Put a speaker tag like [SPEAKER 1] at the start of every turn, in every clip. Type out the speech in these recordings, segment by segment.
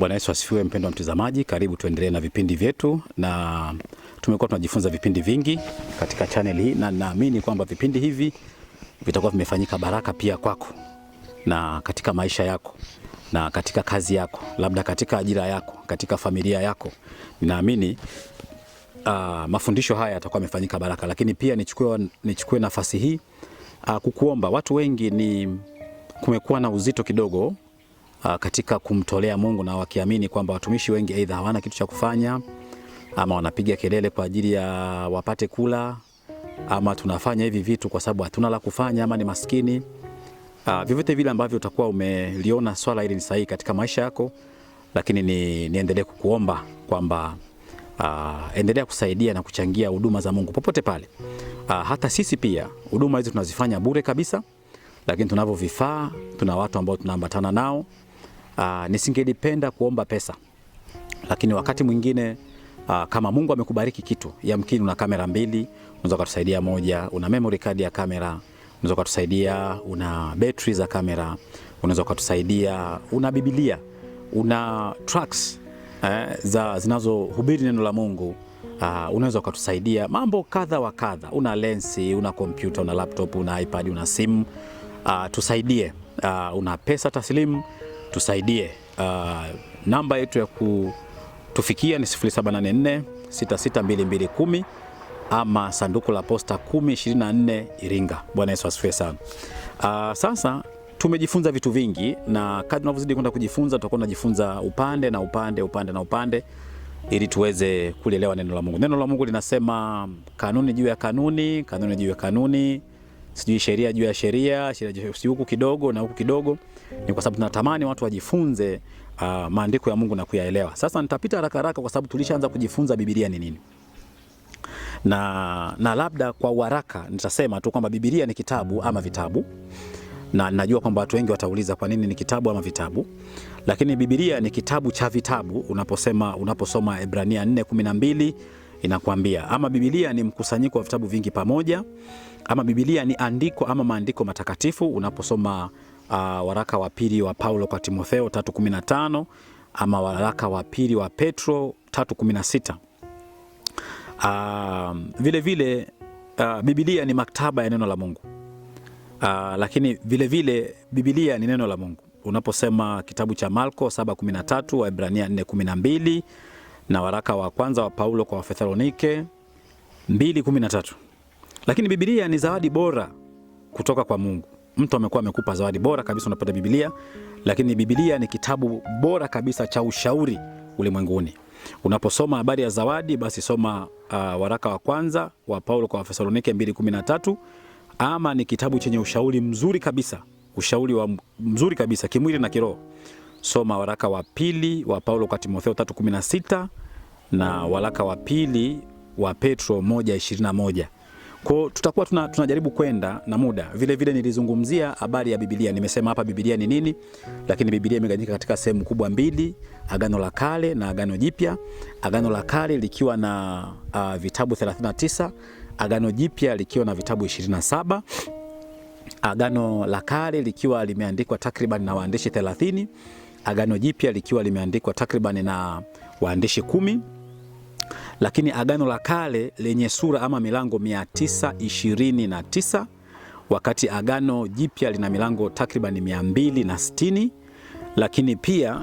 [SPEAKER 1] Bwana Yesu asifiwe, mpendo wa mtazamaji, karibu tuendelee na vipindi vyetu, na tumekuwa tunajifunza vipindi vingi katika channel hii, na naamini kwamba vipindi hivi vitakuwa vimefanyika baraka pia kwako na katika maisha yako na katika kazi yako, labda katika ajira yako, katika familia yako. Ninaamini uh, ah, mafundisho haya yatakuwa yamefanyika baraka, lakini pia nichukue nichukue nafasi hii uh, kukuomba. Watu wengi ni kumekuwa na uzito kidogo uh, katika kumtolea Mungu na wakiamini kwamba watumishi wengi aidha hawana kitu cha kufanya ama wanapiga kelele kwa ajili ya wapate kula ama tunafanya hivi vitu kwa sababu hatuna la kufanya ama ni maskini. Uh, vyovyote vile ambavyo utakuwa umeliona swala hili ni sahihi katika maisha yako, lakini ni, niendelee kukuomba kwamba uh, endelea kusaidia na kuchangia huduma za Mungu popote pale. Uh, hata sisi pia huduma hizi tunazifanya bure kabisa, lakini tunavyo vifaa, tuna watu ambao tunaambatana nao uh, nisingelipenda kuomba pesa, lakini wakati mwingine uh, kama Mungu amekubariki kitu, yamkini una kamera mbili, unaweza kutusaidia moja, una memory card ya kamera unaweza ukatusaidia, una battery za kamera, unaweza ukatusaidia, una Biblia, una tracks eh, za zinazohubiri neno la Mungu. Uh, unaweza ukatusaidia mambo kadha wa kadha, una lensi, una kompyuta, una laptop, una iPad, una simu. Uh, tusaidie. Uh, una pesa taslimu tusaidie. Uh, namba yetu ya kutufikia ni 0784 662210 ama sanduku la posta 1024 Iringa. Bwana Yesu asifiwe sana. Uh, sasa tumejifunza vitu vingi na kadri tunavyozidi kwenda kujifunza tutakuwa tunajifunza upande na upande upande na upande ili tuweze kulielewa neno la Mungu. Neno la Mungu linasema kanuni juu ya kanuni, kanuni juu ya kanuni, sijui sheria juu ya sheria, sheria juu huku kidogo na huku kidogo ni kwa sababu tunatamani watu wajifunze uh, maandiko ya Mungu na kuyaelewa. Sasa nitapita haraka haraka kwa sababu tulishaanza kujifunza Biblia ni nini na, na labda kwa uharaka nitasema tu kwamba Biblia ni kitabu ama vitabu, na najua kwamba watu wengi watauliza kwa nini ni kitabu ama vitabu, lakini Biblia ni kitabu cha vitabu. Unaposema unaposoma Ebrania 4:12 inakwambia ama Biblia ni mkusanyiko wa vitabu vingi pamoja, ama Biblia ni andiko ama maandiko matakatifu unaposoma uh, waraka wa pili wa Paulo kwa Timotheo 3:15 ama waraka wa pili wa Petro 3:16. Uh, ah, vile vile uh, Biblia ni maktaba ya neno la Mungu. Uh, lakini vile vile Biblia ni neno la Mungu. Unaposema kitabu cha Marko 7:13, Waebrania 4:12 na waraka wa kwanza wa Paulo kwa Wathesalonike 2:13. Lakini Biblia ni zawadi bora kutoka kwa Mungu mtu amekuwa amekupa zawadi bora kabisa, unapata Biblia. Lakini Biblia ni kitabu bora kabisa cha ushauri ulimwenguni. Unaposoma habari ya zawadi, basi soma uh, waraka wa kwanza wa Paulo kwa Wathesalonike 2:13 ama ni kitabu chenye ushauri mzuri kabisa, ushauri wa mzuri kabisa kimwili na kiroho. Soma waraka wa pili wa Paulo kwa Timotheo 3:16 na waraka wa pili wa Petro 1:21. Kwa tutakuwa tuna, tunajaribu kwenda na muda. Vile vile nilizungumzia habari ya Biblia, nimesema hapa Biblia ni nini, lakini Biblia imeganyika katika sehemu kubwa mbili, Agano la Kale na Agano Jipya. Agano la Kale likiwa na uh, vitabu 39, Agano Jipya likiwa na vitabu 27. Agano la Kale likiwa limeandikwa takriban na waandishi 30, Agano Jipya likiwa limeandikwa takriban na waandishi kumi. Lakini Agano la Kale lenye sura ama milango 929 wakati Agano Jipya lina milango takribani 260, lakini pia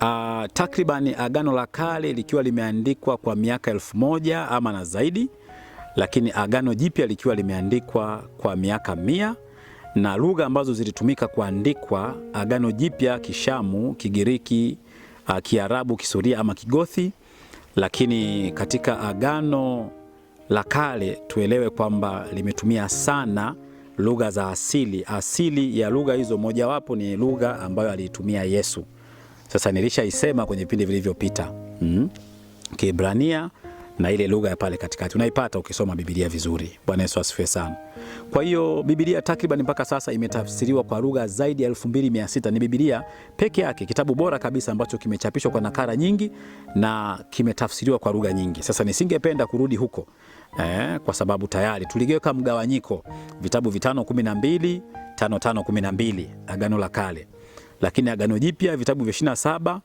[SPEAKER 1] uh, ah, takribani Agano la Kale likiwa limeandikwa kwa miaka elfu moja ama na zaidi, lakini Agano Jipya likiwa limeandikwa kwa miaka mia na lugha ambazo zilitumika kuandikwa Agano Jipya: Kishamu, Kigiriki, ah, Kiarabu, Kisuria ama Kigothi lakini katika Agano la Kale tuelewe kwamba limetumia sana lugha za asili. Asili ya lugha hizo mojawapo ni lugha ambayo aliitumia Yesu. Sasa nilishaisema kwenye vipindi vilivyopita, mm. Kiebrania na ile lugha ya pale katikati unaipata ukisoma Biblia vizuri. Bwana Yesu asifiwe sana. Kwa hiyo Biblia takriban mpaka sasa imetafsiriwa kwa lugha zaidi ya 2600. Ni Biblia peke yake kitabu bora kabisa ambacho kimechapishwa kwa nakara nyingi na kimetafsiriwa kwa lugha nyingi. Sasa nisingependa kurudi huko eh, kwa sababu tayari tuligeuka mgawanyiko, vitabu vitano 12, tano tano 12, Agano la Kale, lakini Agano Jipya vitabu vya 27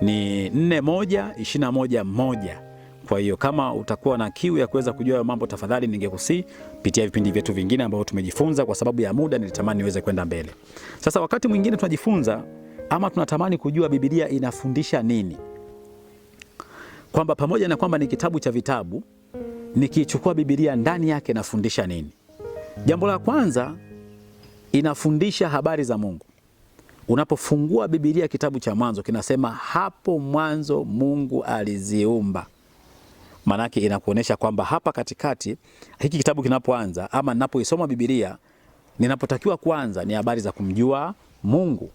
[SPEAKER 1] ni 4 moja 21 moja kwa hiyo kama utakuwa na kiu ya kuweza kujua hayo mambo, tafadhali ningekusi pitia vipindi vyetu vingine ambavyo tumejifunza. Kwa sababu ya muda, nilitamani niweze kwenda mbele. Sasa wakati mwingine tunajifunza ama tunatamani kujua Biblia inafundisha nini, kwamba pamoja na kwamba ni kitabu cha vitabu, nikichukua Biblia ndani yake nafundisha nini? Jambo la kwanza, inafundisha habari za Mungu. Unapofungua Biblia, kitabu cha Mwanzo kinasema hapo mwanzo Mungu aliziumba Maanake inakuonesha kwamba hapa katikati hiki kitabu kinapoanza ama ninapoisoma Biblia, ninapotakiwa kwanza ni habari za kumjua Mungu,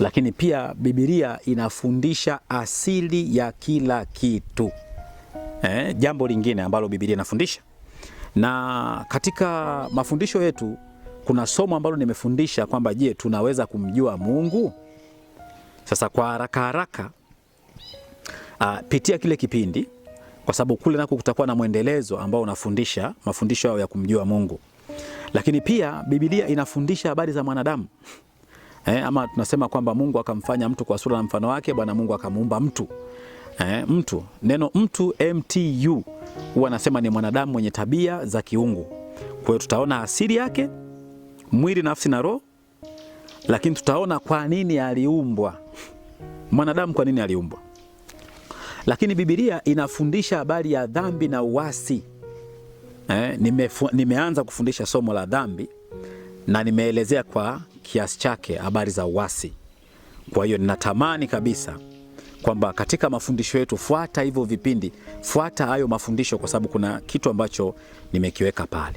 [SPEAKER 1] lakini pia Biblia inafundisha asili ya kila kitu. Eh, jambo lingine ambalo Biblia inafundisha na katika mafundisho yetu kuna somo ambalo nimefundisha kwamba je, tunaweza kumjua Mungu? Sasa kwa haraka haraka, uh, pitia kile kipindi kwa sababu kule nako kutakuwa na mwendelezo ambao unafundisha mafundisho yao ya kumjua Mungu. Lakini pia Biblia inafundisha habari za mwanadamu eh, ama tunasema kwamba Mungu akamfanya mtu kwa sura na mfano wake, Bwana Mungu akamuumba mtu eh, mtu neno mtu mtu huwa anasema ni mwanadamu mwenye tabia za kiungu. Kwa hiyo tutaona asili yake mwili, nafsi na roho, lakini tutaona kwa nini aliumbwa mwanadamu, kwa nini aliumbwa lakini Biblia inafundisha habari ya dhambi na uasi. Eh, nime, nimeanza kufundisha somo la dhambi na nimeelezea kwa kiasi chake habari za uasi. Kwa hiyo ninatamani kabisa kwamba katika mafundisho yetu fuata hivyo vipindi, fuata hayo mafundisho kwa sababu kuna kitu ambacho nimekiweka pale.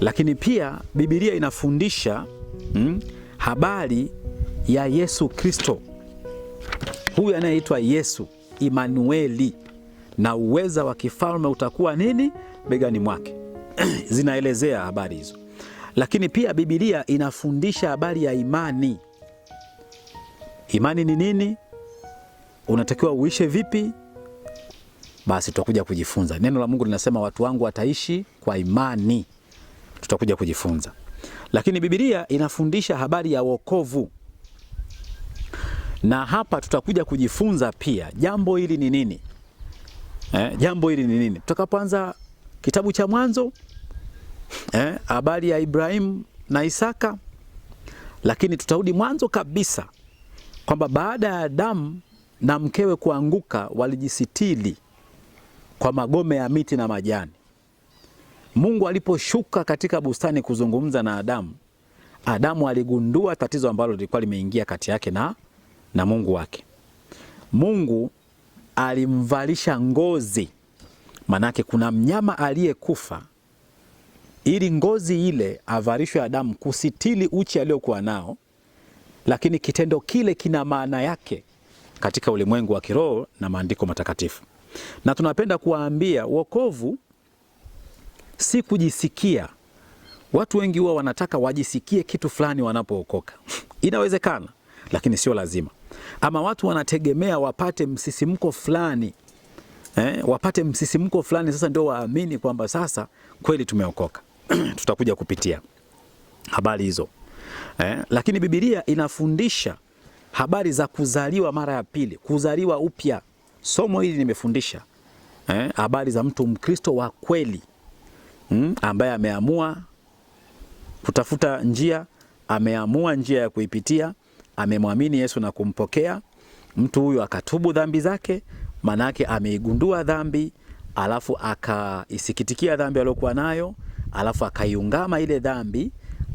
[SPEAKER 1] Lakini pia Biblia inafundisha mm, habari ya Yesu Kristo, huyu anayeitwa Yesu Imanueli, na uweza wa kifalme utakuwa nini begani mwake. Zinaelezea habari hizo, lakini pia Biblia inafundisha habari ya imani. Imani ni nini? Unatakiwa uishe vipi? Basi tutakuja kujifunza. Neno la Mungu linasema watu wangu wataishi kwa imani, tutakuja kujifunza. Lakini Biblia inafundisha habari ya wokovu na hapa tutakuja kujifunza pia jambo hili ni nini eh, jambo hili ni nini tutakapoanza kitabu cha Mwanzo eh, ya Ibrahimu na Isaka, lakini tutarudi mwanzo kabisa kwamba baada ya Adamu na mkewe kuanguka walijisitili kwa magome ya miti na majani. Mungu aliposhuka katika bustani kuzungumza na Adamu, Adamu aligundua tatizo ambalo lilikuwa limeingia kati yake na na Mungu wake. Mungu alimvalisha ngozi, manake kuna mnyama aliyekufa ili ngozi ile avalishwe Adamu kusitili uchi aliokuwa nao, lakini kitendo kile kina maana yake katika ulimwengu wa kiroho na maandiko matakatifu. Na tunapenda kuwaambia wokovu si kujisikia. Watu wengi huwa wanataka wajisikie kitu fulani wanapookoka. Inawezekana, lakini sio lazima ama watu wanategemea wapate msisimko fulani eh, wapate msisimko fulani sasa ndio waamini kwamba sasa kweli tumeokoka. Tutakuja kupitia habari hizo eh, lakini Biblia inafundisha habari za kuzaliwa mara ya pili, kuzaliwa upya. Somo hili nimefundisha eh, habari za mtu Mkristo wa kweli mm, ambaye ameamua kutafuta njia, ameamua njia ya kuipitia amemwamini Yesu na kumpokea, mtu huyo akatubu dhambi zake, manake ameigundua dhambi, alafu akaisikitikia dhambi aliyokuwa nayo, alafu akaiungama ile dhambi,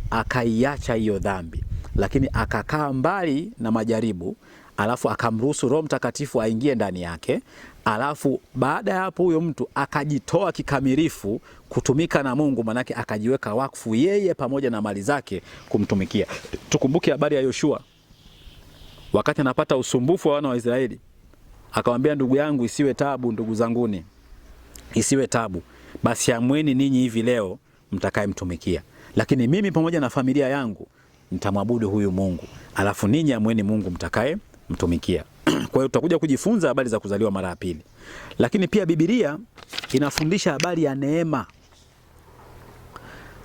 [SPEAKER 1] akaiacha hiyo dhambi, lakini akakaa mbali na majaribu, alafu akamruhusu Roho Mtakatifu aingie ndani yake, alafu baada ya hapo huyo mtu akajitoa kikamilifu kutumika na Mungu, manake akajiweka wakfu yeye pamoja na mali zake kumtumikia. Tukumbuke habari ya Yoshua wakati anapata usumbufu wa wana wa Israeli, akamwambia ndugu yangu, isiwe tabu, ndugu zanguni, isiwe tabu, basi amweni ninyi hivi leo mtakayemtumikia, lakini mimi pamoja na familia yangu nitamwabudu huyu Mungu, alafu ninyi amweni Mungu mtakaye mtumikia. Kwa hiyo tutakuja kujifunza habari za kuzaliwa mara ya pili, lakini pia Biblia inafundisha habari ya neema.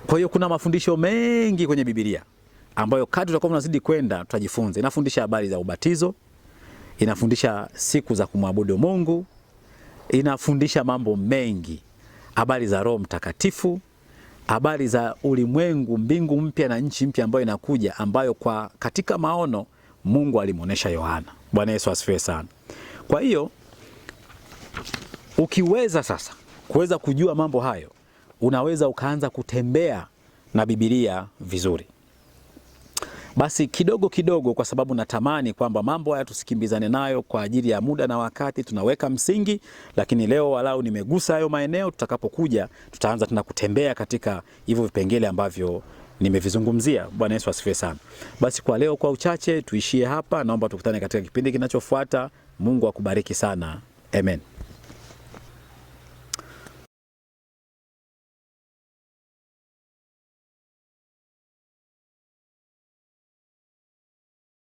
[SPEAKER 1] Kwa hiyo kuna mafundisho mengi kwenye Biblia ambayo kadri tutakuwa tunazidi kwenda tutajifunza. Inafundisha habari za ubatizo, inafundisha siku za kumwabudu Mungu, inafundisha mambo mengi, habari za Roho Mtakatifu, habari za ulimwengu, mbingu mpya na nchi mpya ambayo inakuja, ambayo kwa katika maono Mungu alimuonesha Yohana. Bwana Yesu asifiwe sana. Kwa hiyo ukiweza sasa kuweza kujua mambo hayo, unaweza ukaanza kutembea na Biblia vizuri. Basi kidogo kidogo, kwa sababu natamani kwamba mambo haya tusikimbizane nayo kwa ajili ya muda na wakati, tunaweka msingi, lakini leo walau nimegusa hayo maeneo. Tutakapokuja tutaanza tena kutembea katika hivyo vipengele ambavyo nimevizungumzia. Bwana Yesu asifiwe sana. Basi kwa leo kwa uchache tuishie hapa, naomba tukutane katika kipindi kinachofuata. Mungu akubariki sana, amen.